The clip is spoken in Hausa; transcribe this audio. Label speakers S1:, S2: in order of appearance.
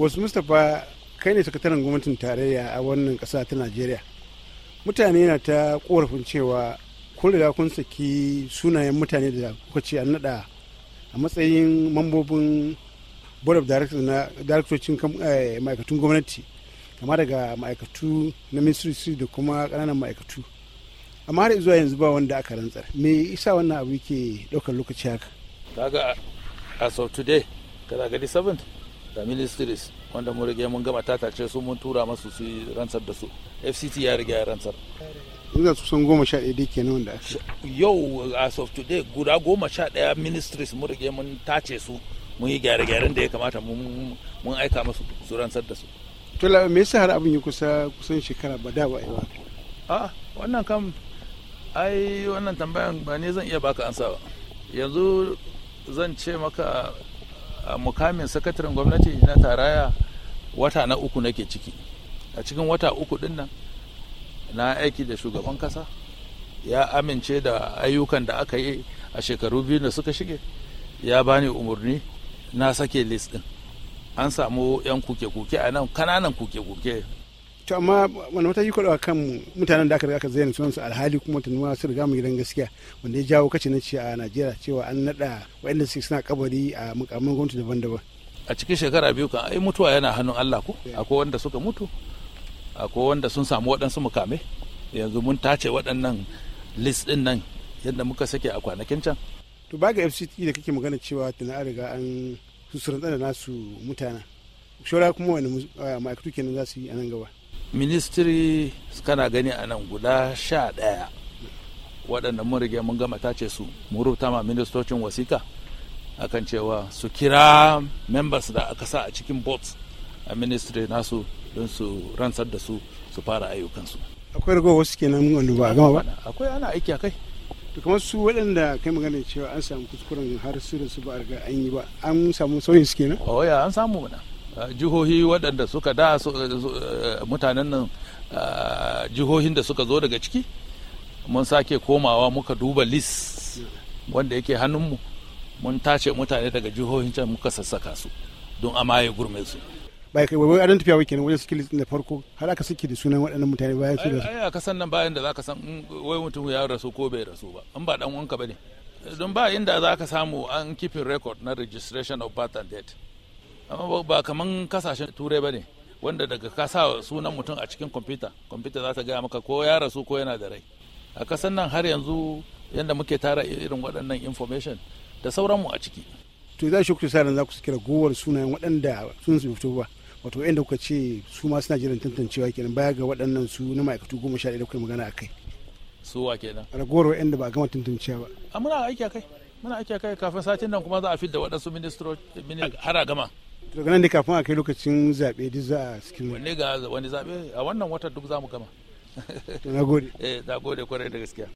S1: Bos Mustapha kai ne sakataren gwamnatin tarayya a wannan kasa ta Najeriya. Mutane na ta korafin cewa kun riga kun saki sunayen mutane da kuka ce an naɗa a matsayin mambobin board of directors na directorcin eh, ma'aikatun gwamnati kama daga ma'aikatu na ministry da kuma ƙananan ma'aikatu amma har zuwa yanzu ba wanda aka rantsar me isa wannan abu yake ɗaukar lokaci haka
S2: kaga as of today kada 7 da ministries wanda mu rage mun gama tatace su mun tura masu su rantsar da su fct ya rage ya rantsar
S1: inda su sun goma sha ɗaya kenan wanda
S2: yau as of today guda goma sha ɗaya ministries mun rage mun tace su mun yi gyare-gyaren da ya kamata mun aika masu su rantsar da su
S1: To la me yasa har abin yi kusa kusan shekara ba da ba ba
S2: a wannan kam ai wannan tambayan ba ne zan iya baka ansa ba yanzu zan ce maka mukamin sakataren gwamnati na taraya wata na uku nake ciki a cikin wata uku din nan na aiki da shugaban kasa ya amince da ayyukan da aka yi a shekaru biyu da suka shige ya bani umarni na sake list din an samu 'yan kuke-kuke a nan kananan kuke-kuke
S1: to amma wani mataki ku kan mutanen da aka riga aka zayyana su alhali kuma nuna su riga mu gidan gaskiya wanda ya jawo kace na ce a Najeriya cewa an nada waɗanda su suna kabari a mukamman gwamnati daban-daban
S2: a cikin shekara biyu kan ai mutuwa yana hannun Allah ko eh. akwai wanda suka mutu akwai wanda sun samu waɗansu mukame yanzu mun tace waɗannan list ɗin nan yadda muka sake a kwanakin can
S1: to ba ga fct da kake magana cewa tana riga an susurin tsada nasu mutana shora kuma wani eh, ma'aikatu kenan za su yi a nan gaba
S2: ministry kana gani a nan guda sha ɗaya waɗanda mun rige mun gama tace su mun rubuta ma ministocin wasika akan cewa su kira members da aka sa a cikin bots a ministry nasu don su rantsar da su su fara ayyukansu
S1: akwai rago wasu kenan wanda ba a gama ba akwai ana aiki a kai to kamar su waɗanda kai magana cewa an samu kuskuren har su da su ba a riga an yi ba an samu sauyin su kenan oh ya an samu mana
S2: jihohi waɗanda suka da eh, eh, mutanen nan eh, jihohin da suka zo daga ciki mun sake komawa muka duba lis wanda yake hannunmu mun tace mutane daga jihohin can muka sassaka su don a maye gurme su
S1: bai kai wai an tafiya wake wajen suke listin da farko har aka suke da sunan waɗannan mutane bayan su rasu
S2: ai aka san nan bayan da zaka san wai mutum ya rasu ko bai rasu ba in ba dan wanka bane don ba inda zaka samu an kifin record na registration of birth and death ba kaman kasashen turai ba ne wanda daga ka sa sunan mutum a cikin kwamfuta kwamfuta za ta gaya maka ko ya rasu ko yana da rai a kasan nan har yanzu yadda muke tara irin waɗannan information da sauranmu a ciki
S1: to za shi kuke sa za ku kira gowar sunayen waɗanda sun su fito ba wato inda kuka ce su ma suna jiran tantancewa kenan baya ga waɗannan su na ma'aikatu goma sha ɗaya da kuka magana a kai
S2: su wa kenan
S1: ragowar waɗanda ba a gama tantancewa ba
S2: a muna aiki a kai muna aiki a kai kafin satin nan kuma za a fidda waɗansu ministro har a gama
S1: to ganin da kafin a kai lokacin zaɓe duk za a cikin wani
S2: ga wani zaɓe a wannan watan duk za mu gama to na gode eh na gode kwarai da gaskiya